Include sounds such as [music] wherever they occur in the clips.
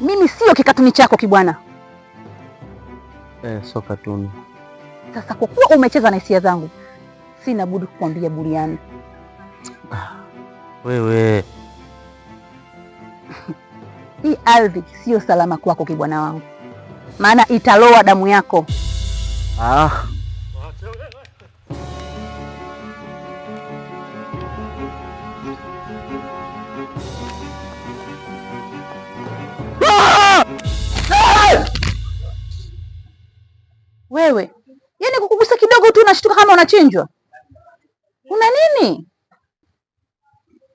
Mimi sio kikatuni chako kibwana. Eh, sio katuni. Sasa kwa kuwa umecheza na hisia zangu, sina budi kukwambia buriani. Ah, wewe [laughs] hii ardhi sio salama kwako kibwana wangu, maana italoa damu yako ah. wewe, yaani kukugusa kidogo tu unashtuka kama unachinjwa. Una nini?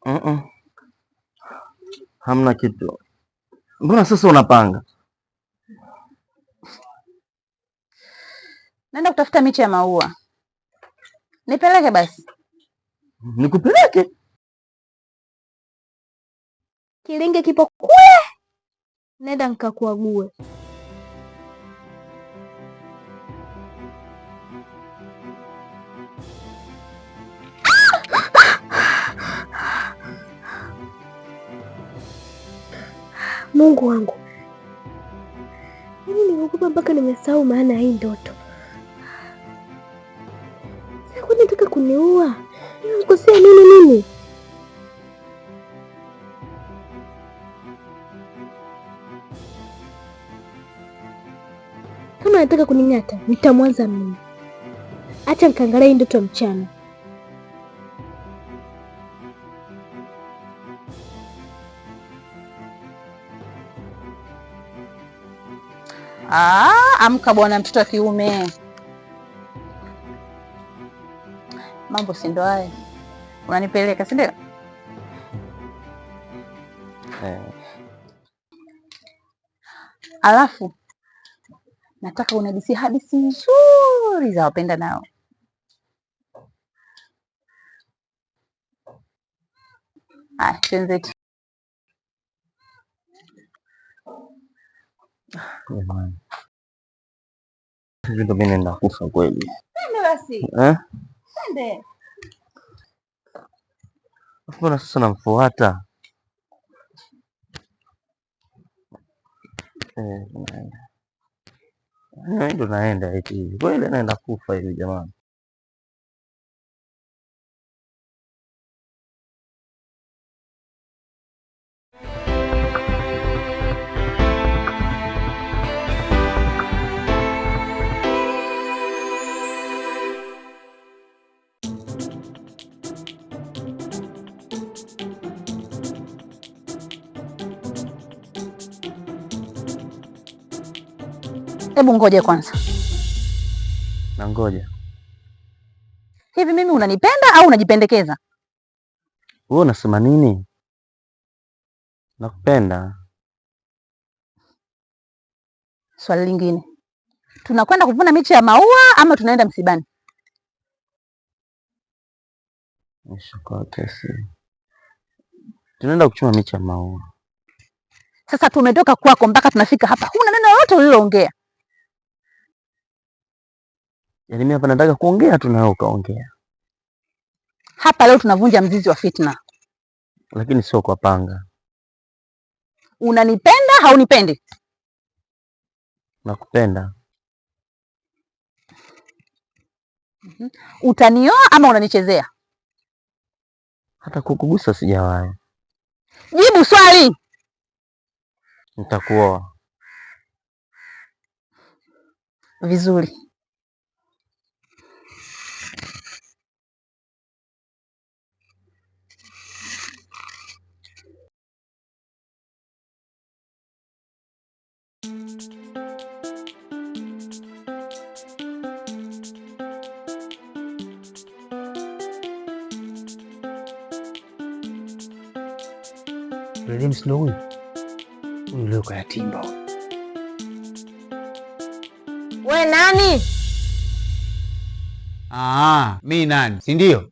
mm -mm. Hamna kitu. Mbona sasa unapanga? Naenda kutafuta miche ya maua, nipeleke basi. Nikupeleke? Kilinge kipo kule, nenda nikakuague. Mungu wangu, mimi yaani nimeogopa mpaka nimesahau maana ya hii ndoto. Sasa nataka kuniua? Nimekosea nini mimi? Kama anataka kuning'ata, nitamwanza mimi. Acha nikaangalia hii ndoto mchana. Ah, amka bwana, mtoto wa kiume. Mambo si ndo haya, unanipeleka si ndio? Alafu nataka unadisi hadithi nzuri za wapenda nao Ah, Ndo mimi nenda kufa kweli. Eh? Mbona sasa namfuata? Eh, ndo naenda eti kweli, naenda kufa hivi jamani. Hebu ngoje kwanza. Na ngoja. Hivi mimi unanipenda au unajipendekeza? Wewe unasema nini? Nakupenda. Swali lingine, tunakwenda kuvuna miche ya maua ama tunaenda msibani? Tunaenda kuchuma miche ya maua. Sasa tumetoka kwako mpaka tunafika hapa, huna neno lolote uliloongea. Yaani mimi hapa nataka kuongea tu nao ukaongea. Hapa leo tunavunja mzizi wa fitna, lakini sio kwa panga. Unanipenda haunipendi? Nakupenda. Mhm. Utanioa ama unanichezea? Hata kukugusa sijawahi. Jibu swali. Nitakuoa. Vizuri. Mluka ya Timbo. We nani? Aa, ah, mi nani, si ndio?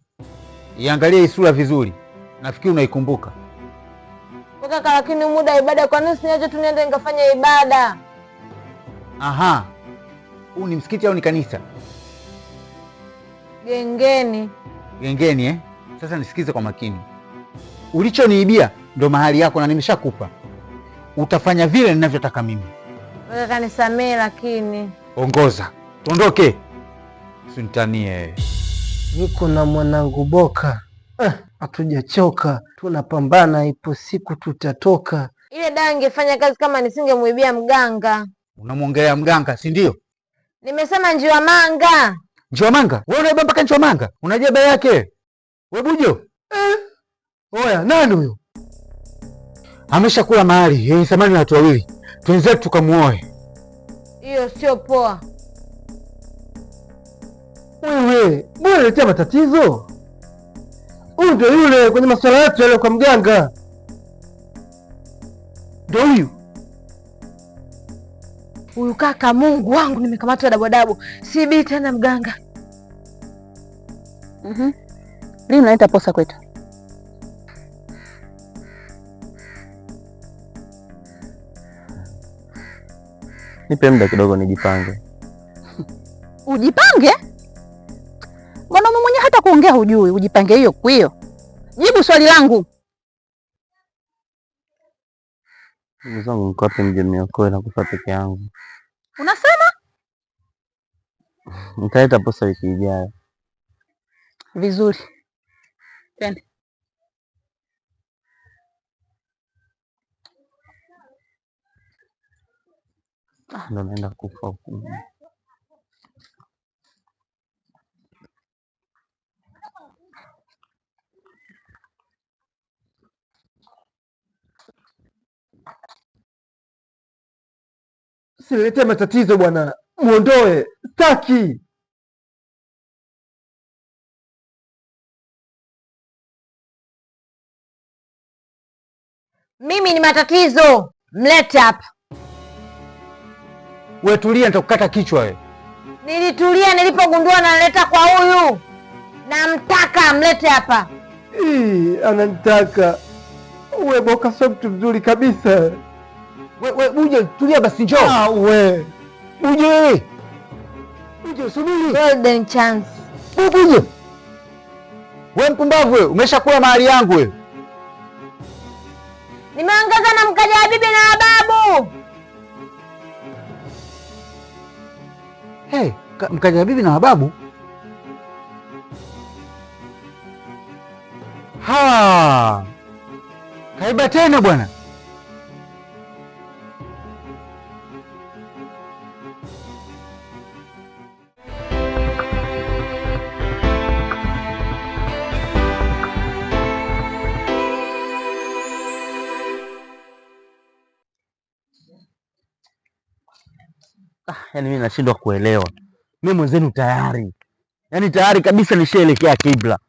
Iangalie isura vizuri, nafikiri unaikumbuka kaka. Lakini muda ibada, kwa nini usiniache tu niende nikafanya ibada? Aha, huu ni msikiti au ni kanisa? Gengeni. Gengeni eh? Sasa nisikize kwa makini, ulichoniibia ndo mahali yako na nimeshakupa utafanya vile ninavyotaka mimi. Wewe kanisamee, lakini ongoza, tuondoke, sintanie. Niko na mwanangu Boka, ah, hatujachoka tunapambana, ipo siku tutatoka. Ile dawa ingefanya kazi kama nisingemwibia mganga. Unamwongelea mganga, si ndio? Nimesema njiwa manga. Njiwa manga? Wewe unaiba mpaka njiwa manga? Unajua bei yake? Wewe bujo. Eh. Oya, nani huyo? ameshakula mahali yenye thamani na watu wawili, twenzetu tukamuoe. Hiyo sio poa. Wewe mbona unaletea matatizo? Huyu ndio yule kwenye masuala yetu yale kwa mganga, ndio huyu huyu kaka. Mungu wangu, nimekamatwa dabwadabu, sibii tena mganga. mm -hmm. Lini unaleta posa kwetu? Nipe muda kidogo nijipange. [laughs] Ujipange? Mwanaume mwenyewe hata kuongea hujui, ujipange hiyo kwio. Jibu swali langu. Mzangu mkope mje mniokoe na kufa peke yangu. Unasema? Nitaleta posa wiki ijayo. Vizuri. Twende. ndo naenda kufa huku. Silete matatizo bwana, mwondoe, staki mimi. Ni matatizo, mlete hapa. Wewe tulia, nitakukata kichwa we. Nilitulia nilipogundua naleta kwa huyu, namtaka mlete hapa. Ananitaka we Boka, sio mtu mzuri kabisa. We, we, uje tulia basi, njoo ah, we uje, uje subiri, golden chance uje. We mpumbavu we, umeshakula mahali yangu we. Nimeangaza na mkaja bibi na babu hey, mkaja bibi na mababu ha kaiba tena bwana. yani mimi nashindwa kuelewa. Mimi mwenzenu tayari, yani tayari kabisa nishaelekea kibla,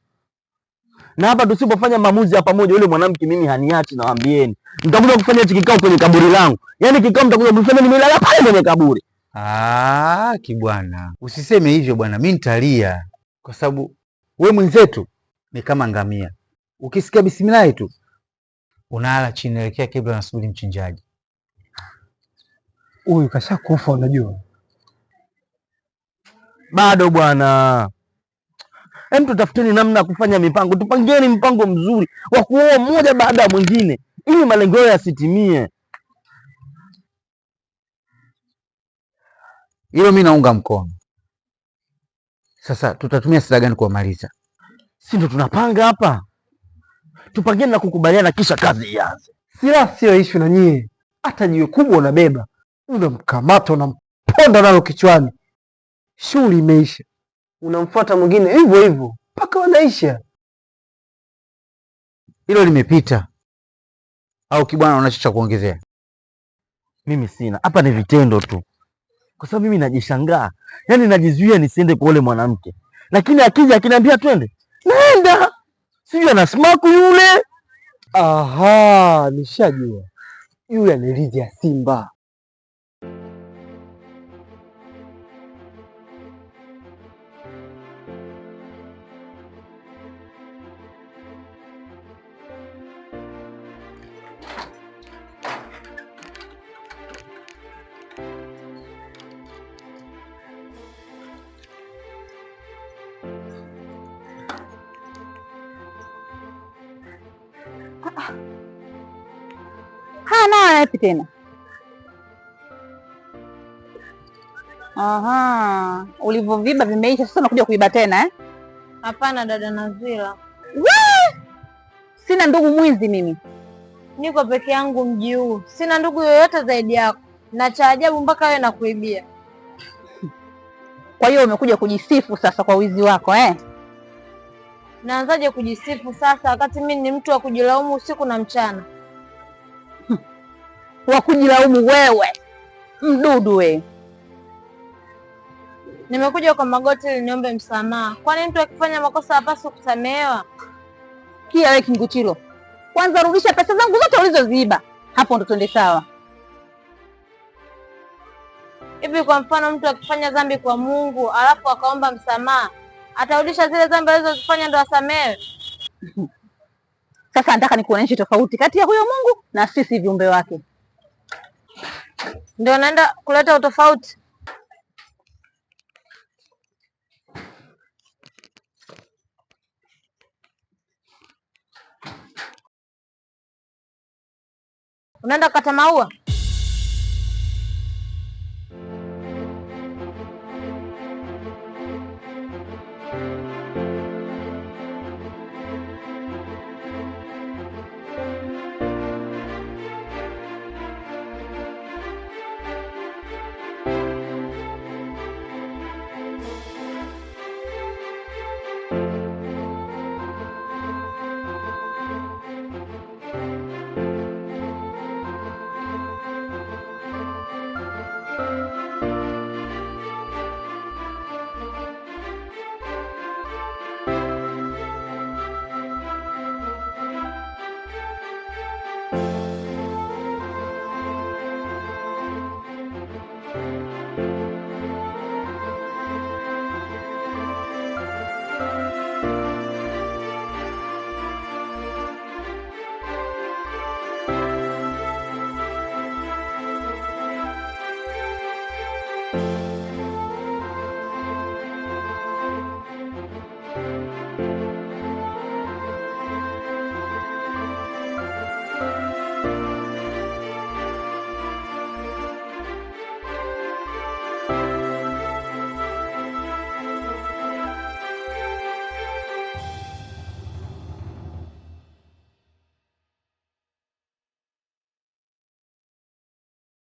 na hapa tusipofanya maamuzi ya pamoja, yule mwanamke mimi haniachi. Nawaambieni, mtakuja kufanya hichi kikao kwenye kaburi langu, yani kikao mtakuja kufanya, nimelala pale kwenye kaburi. Ah, kibwana, usiseme hivyo bwana, mimi nitalia, kwa sababu we mwenzetu ni kama ngamia, ukisikia bismillah tu unalala chini, elekea kibla, nasubiri mchinjaji. Huyu kashakufa, unajua bado bwana. Hem, tutafuteni namna ya kufanya mipango, tupangeni mpango mzuri wa kuoa mmoja baada ya mwingine, ili malengo yao yasitimie. Hilo mi naunga mkono. Sasa tutatumia sida gani kuwamaliza? Si ndo tunapanga hapa, tupangeni na kukubaliana, kisha kazi ianze. Silaha siyo ishu na nyie, hata jiwe kubwa unabeba unamkamata unamponda nalo kichwani, shughuli imeisha, unamfuata mwingine hivyo hivyo mpaka wanaisha. Hilo limepita au kibwana, unacho cha kuongezea? Mimi sina hapa, ni vitendo tu, kwa sababu mimi najishangaa, yaani najizuia nisiende kwa ule mwanamke, lakini akija akiniambia twende, naenda. Sijui ana smaku yule. Aha, nishajua yule aniridhi ya Simba hana epi tena. Aha, ulivyoviba vimeisha sasa, unakuja kuiba tena eh? Hapana dada nazila sina ndugu mwizi mimi, niko peke yangu mji huu, sina ndugu yoyote zaidi yako, na cha ajabu mpaka wewe nakuibia. Kwa hiyo umekuja kujisifu sasa kwa wizi wako eh? naanzaje kujisifu sasa, wakati mimi ni mtu wa kujilaumu usiku na mchana? wa kujilaumu wewe, mdudu wewe. Nimekuja kwa magoti ili niombe msamaha. Kwani mtu akifanya makosa hapaswi kusamehewa? Kia wewe kinguchilo, kwanza rudisha pesa zangu zote ulizoziiba, hapo ndo tuende sawa. Hivi kwa mfano, mtu akifanya dhambi kwa Mungu alafu akaomba msamaha atarudisha zile dhambi alizozifanya ndo asamewe. Sasa nataka nikuonyeshe tofauti kati ya huyo Mungu na sisi viumbe wake, ndio naenda kuleta utofauti. Unaenda kukata maua?